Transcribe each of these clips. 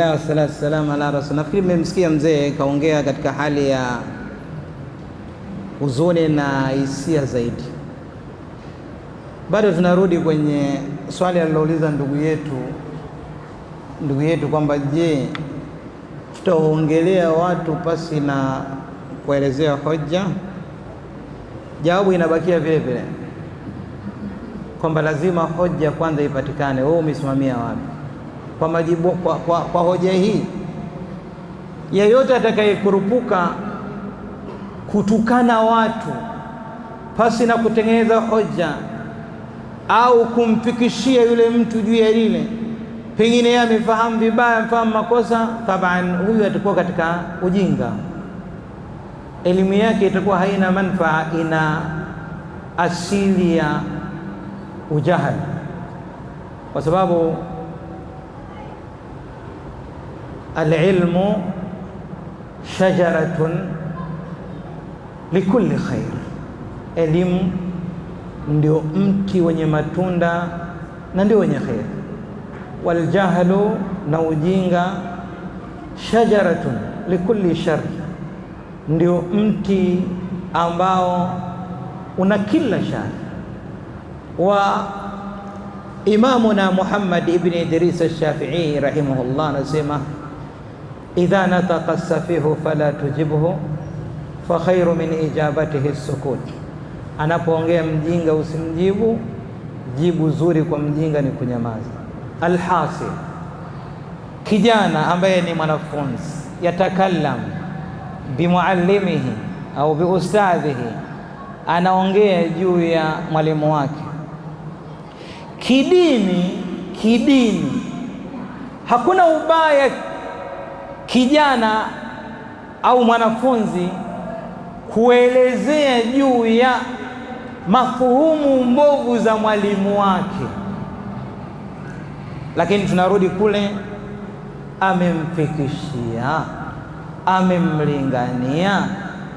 Alhamdulillah wassalatu wassalamu ala rasul. Nafikiri mmemsikia mzee kaongea katika hali ya huzuni na hisia zaidi. Bado tunarudi kwenye swali alilouliza ndugu yetu ndugu yetu kwamba je, tutaongelea watu pasi na kuelezea hoja? Jawabu inabakia vile vile kwamba lazima hoja kwanza ipatikane. Wewe umesimamia wapi? kwa majibu, kwa, kwa, kwa hoja hii, yeyote atakayekurupuka kutukana watu pasi na kutengeneza hoja au kumfikishia yule mtu juu ya lile pengine yeye amefahamu vibaya, amefahamu makosa taban, huyu atakuwa katika ujinga, elimu yake itakuwa haina manfaa, ina asili ya ujahali kwa sababu alilmu shajaratun likulli khair, elimu ndio mti wenye matunda na ndio wenye khair. Waljahlu, na ujinga shajaratun likulli shar, ndio mti ambao una kila shari. Wa imamuna Muhammad ibn Idris al-Shafi'i rahimahullah anasema idha nataka safihu fala tujibhu fa khairu min ijabatihi sukut, anapoongea mjinga usimjibu. Jibu zuri kwa mjinga ni kunyamaza. Alhasil, kijana ambaye ni mwanafunzi yatakallam bimuallimihi au biustadhihi, anaongea juu ya mwalimu wake kidini. Kidini hakuna ubaya kijana au mwanafunzi kuelezea juu ya mafuhumu mbovu za mwalimu wake, lakini tunarudi kule, amemfikishia amemlingania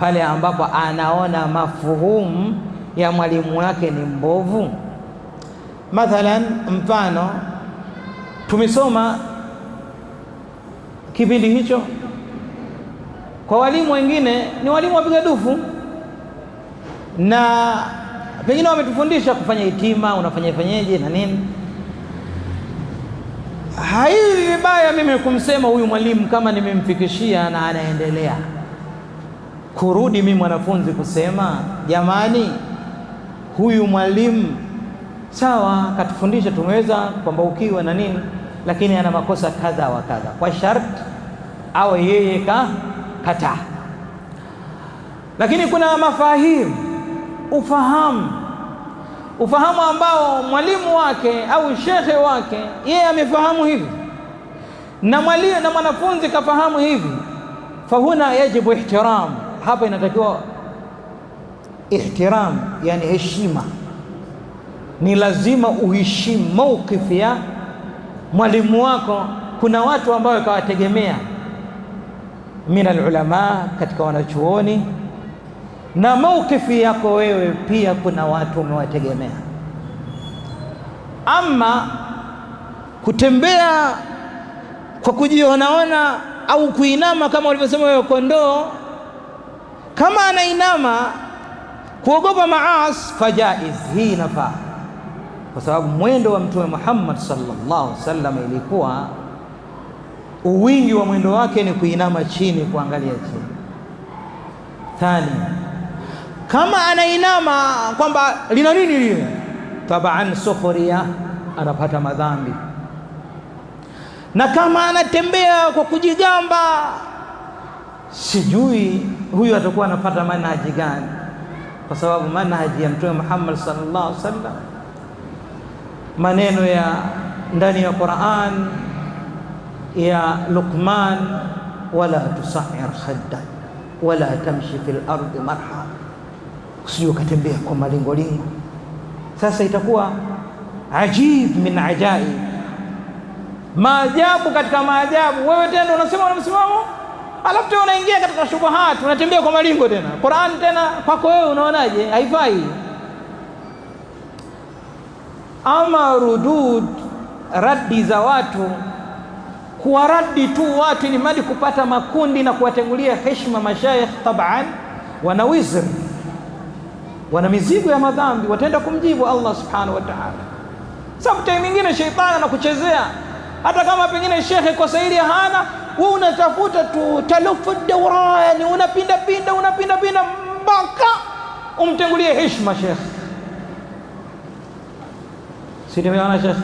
pale ambapo anaona mafuhumu ya mwalimu wake ni mbovu. Mathalan, mfano tumesoma kipindi hicho. Kwa walimu wengine ni walimu wapiga dufu, na pengine wametufundisha kufanya hitima, unafanya fanyeje na nini. Haili vibaya mimi kumsema huyu mwalimu kama nimemfikishia na anaendelea kurudi, mimi mwanafunzi kusema jamani, huyu mwalimu sawa, katufundisha tumeweza ukiwa na nini lakini ana makosa kadha wa kadha, kwa sharti awe yeye ka kataa. Lakini kuna mafahimu, ufahamu, ufahamu ambao mwalimu wake au shekhe wake yeye amefahamu hivi na mwalimu na mwanafunzi kafahamu hivi, fahuna yajibu ihtiram, hapa inatakiwa ihtiram, yani heshima, ni lazima uheshimu mauqifu ya mwalimu wako, kuna watu ambao kawategemea mina alulamaa, katika wanachuoni na maukifi yako wewe pia, kuna watu umewategemea. Ama kutembea kwa kujionaona au kuinama kama walivyosema wewe kondoo, kama anainama kuogopa maas fajaiz, hii inafaa kwa sababu mwendo wa Mtume Muhammad sallallahu alaihi wasallam ilikuwa uwingi wa mwendo wake ni kuinama chini kuangalia chini. Thani, kama anainama kwamba lina nini lile, tabaan sukhuria, anapata madhambi, na kama anatembea kwa kujigamba, sijui huyu atakuwa anapata manhaji gani, kwa sababu manhaji ya Mtume Muhammad sallallahu alaihi wasallam maneno ya ndani ya Qur'an ya Luqman, wala tusahir khadda wala tamshi fil ardi marha, usije ukatembea kwa malingolingo. Sasa itakuwa ajib min ajaib, maajabu katika maajabu. Wewe tena unasema una msimamo, alafu tena unaingia katika shubuhat, unatembea kwa malingo tena. Qur'an tena kwako wewe unaonaje? Haifai ama rudud, raddi za watu, kuwa raddi tu watu ili mali kupata makundi na kuwatengulia heshima mashaikh, taban wana wizr, wana mizigo ya madhambi, wataenda kumjibu Allah subhanahu wa ta'ala. Sometime nyingine sheitani anakuchezea, hata kama pengine shekhe kosa hili hana wewe, unatafuta tu talufu dawra, yani unapinda pinda unapinda pinda mpaka umtengulie heshima shekhe si tumeona Sheikh?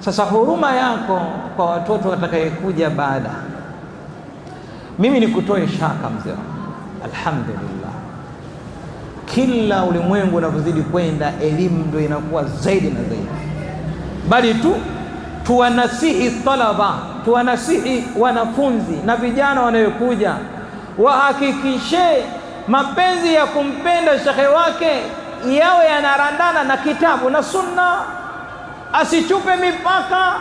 Sasa huruma yako kwa watoto watakayekuja baada, mimi nikutoe shaka mzee. Alhamdulillah, kila ulimwengu unavyozidi kwenda, elimu ndio inakuwa zaidi na zaidi, bali tu tuwanasihi talaba, tuwanasihi wanafunzi na vijana wanayokuja, wahakikishe mapenzi ya kumpenda shekhe wake yawe yanarandana na kitabu na sunna asichupe mipaka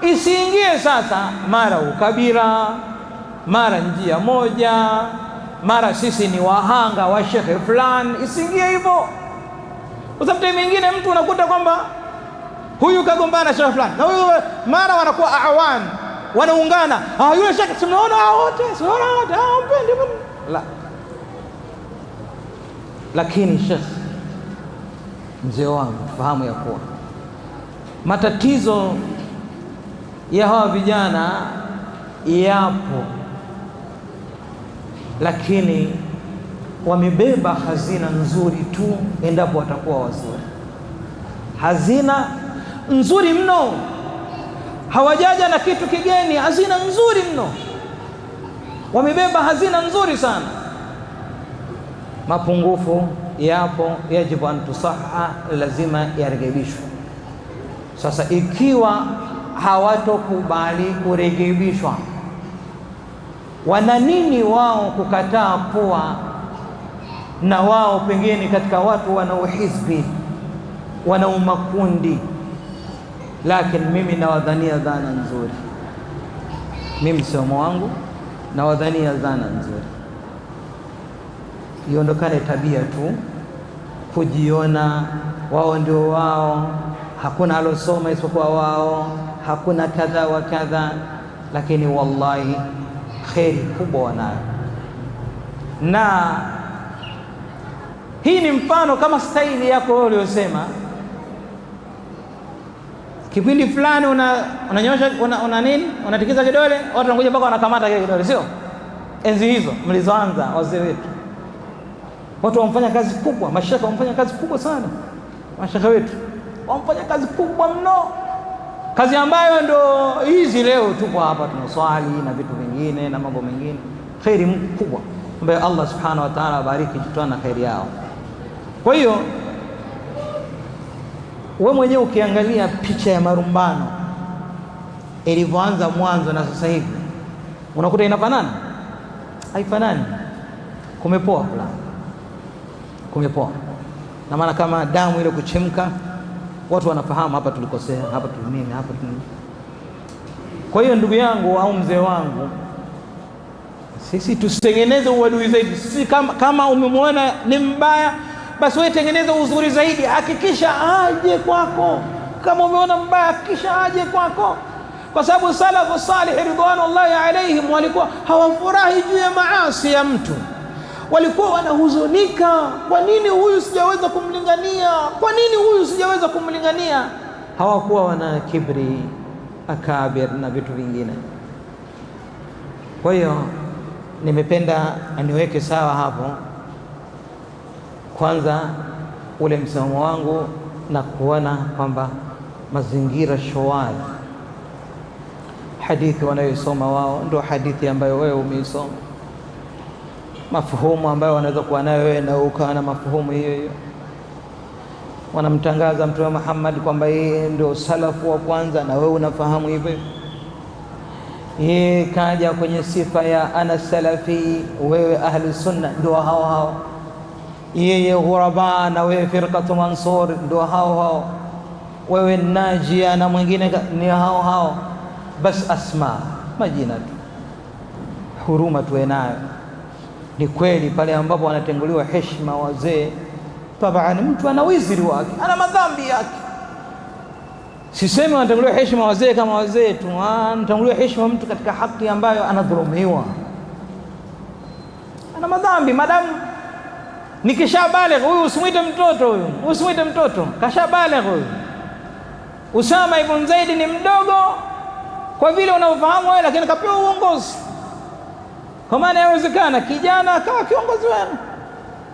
isiingie sasa, mara ukabila, mara njia moja, mara sisi ni wahanga wa shekhe fulani, isiingie hivyo. Kwa mingine mtu unakuta kwamba huyu kagombana shekhe fulani na huyu, mara wanakuwa awan, wanaungana. Ah, yule shekhe simnaona wote, simnaona wote, ah, mpendi la lakini shekhe, mzee wangu, fahamu ya kuwa Matatizo ya hawa vijana yapo, lakini wamebeba hazina nzuri tu endapo watakuwa wazuri. Hazina nzuri mno, hawajaja na kitu kigeni. Hazina nzuri mno, wamebeba hazina nzuri sana. Mapungufu yapo, yajibu antusaha, lazima yarekebishwe. Sasa ikiwa hawatokubali kurekebishwa, wana nini wao kukataa kuwa na wao pengine katika watu wanaohizbi wanaomakundi Lakini mimi nawadhania dhana nzuri, mimi msomo wangu nawadhania dhana nzuri. Iondokane tabia tu kujiona wao ndio wao hakuna alosoma isipokuwa wao, hakuna kadha wa kadha, lakini wallahi kheri kubwa wanayo. Na hii ni mfano kama staili yako wewe uliyosema kipindi fulani unanyosha una, una nini unatikiza kidole, watu wanakuja mpaka wanakamata kile kidole, sio? Enzi hizo mlizoanza wazee wetu, watu wamfanya kazi kubwa, mashaka wamfanya kazi kubwa sana, mashaka wetu wamfanya kazi kubwa mno, kazi ambayo ndo hizi leo tuko hapa tunaswali na vitu vingine na mambo mengine. Kheri kubwa ambayo Allah subhanahu wa ta'ala abariki na kheri yao. Kwa hiyo we mwenyewe ukiangalia picha ya marumbano ilivyoanza mwanzo na sasa hivi unakuta inafanana? Haifanani, kumepoa fulani, kumepoa na maana kama damu ile kuchemka watu wanafahamu hapa tulikosea, hapa tulinini, hapa tuli. Kwa hiyo ndugu yangu au mzee wangu, sisi tusitengeneze uadui zaidi. Sisi kama, kama umemwona ni mbaya, basi wewe tengeneza uzuri zaidi, hakikisha aje kwako. Kama umeona mbaya, hakikisha aje kwako, kwa sababu salafu salih ridwanullahi alaihim walikuwa hawafurahi juu ya maasi ya mtu walikuwa wanahuzunika, kwa nini huyu sijaweza kumlingania? Kwa nini huyu sijaweza kumlingania? Hawakuwa wana kibri akabir na vitu vingine. Kwa hiyo nimependa aniweke sawa hapo, kwanza ule msimamo wangu na kuona kwamba mazingira showari hadithi wanayoisoma wao ndio hadithi ambayo wewe umeisoma mafuhumu ambayo wanaweza kuwa nayo wewe na ukawa na mafuhumu hiyo hiyo. Wanamtangaza Mtume Muhammad kwamba yeye ndio salafu wa kwanza, na wewe unafahamu hivyo. Yeye kaja kwenye sifa ya ana salafi, wewe ahli sunna ndio hao hao. Yeye ghuraba, na wewe firqatu mansur ndio hao hao. Wewe najia, na mwingine ni hao hao, bas asma, majina tu, huruma tuwe nayo. Ni kweli pale ambapo wanatenguliwa heshima wazee, tabaan, mtu ana wiziri wake, ana madhambi yake. Sisemi wanatenguliwa heshima wazee kama wazee tu, ah, anatenguliwa heshima mtu katika haki ambayo anadhulumiwa, ana madhambi. Madamu nikishabale huyu usimwite mtoto, huyu usimwite mtoto, kashabale huyu. Usama ibn Zaidi ni mdogo kwa vile unaofahamu wewe, lakini kapewa uongozi kwa maana yawezekana kijana akawa kiongozi wenu,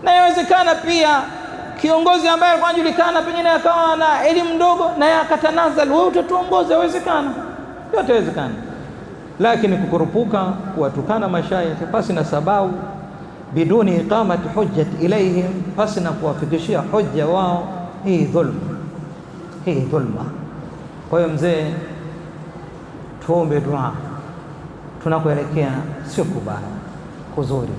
na yawezekana pia kiongozi ambaye alikuwa anajulikana pengine akawa na elimu ndogo, naye akatanazali, wewe utatuongoza. Yawezekana yote, yawezekana. Lakini kukurupuka kuwatukana mashaikh pasi na sababu, biduni iqamati hujjat ilaihim, pasi na kuwafikishia hoja wao, hii dhulma, hii dhulma. Kwa hiyo mzee, tuombe dua tunakoelekea sio kubaya kuzuri.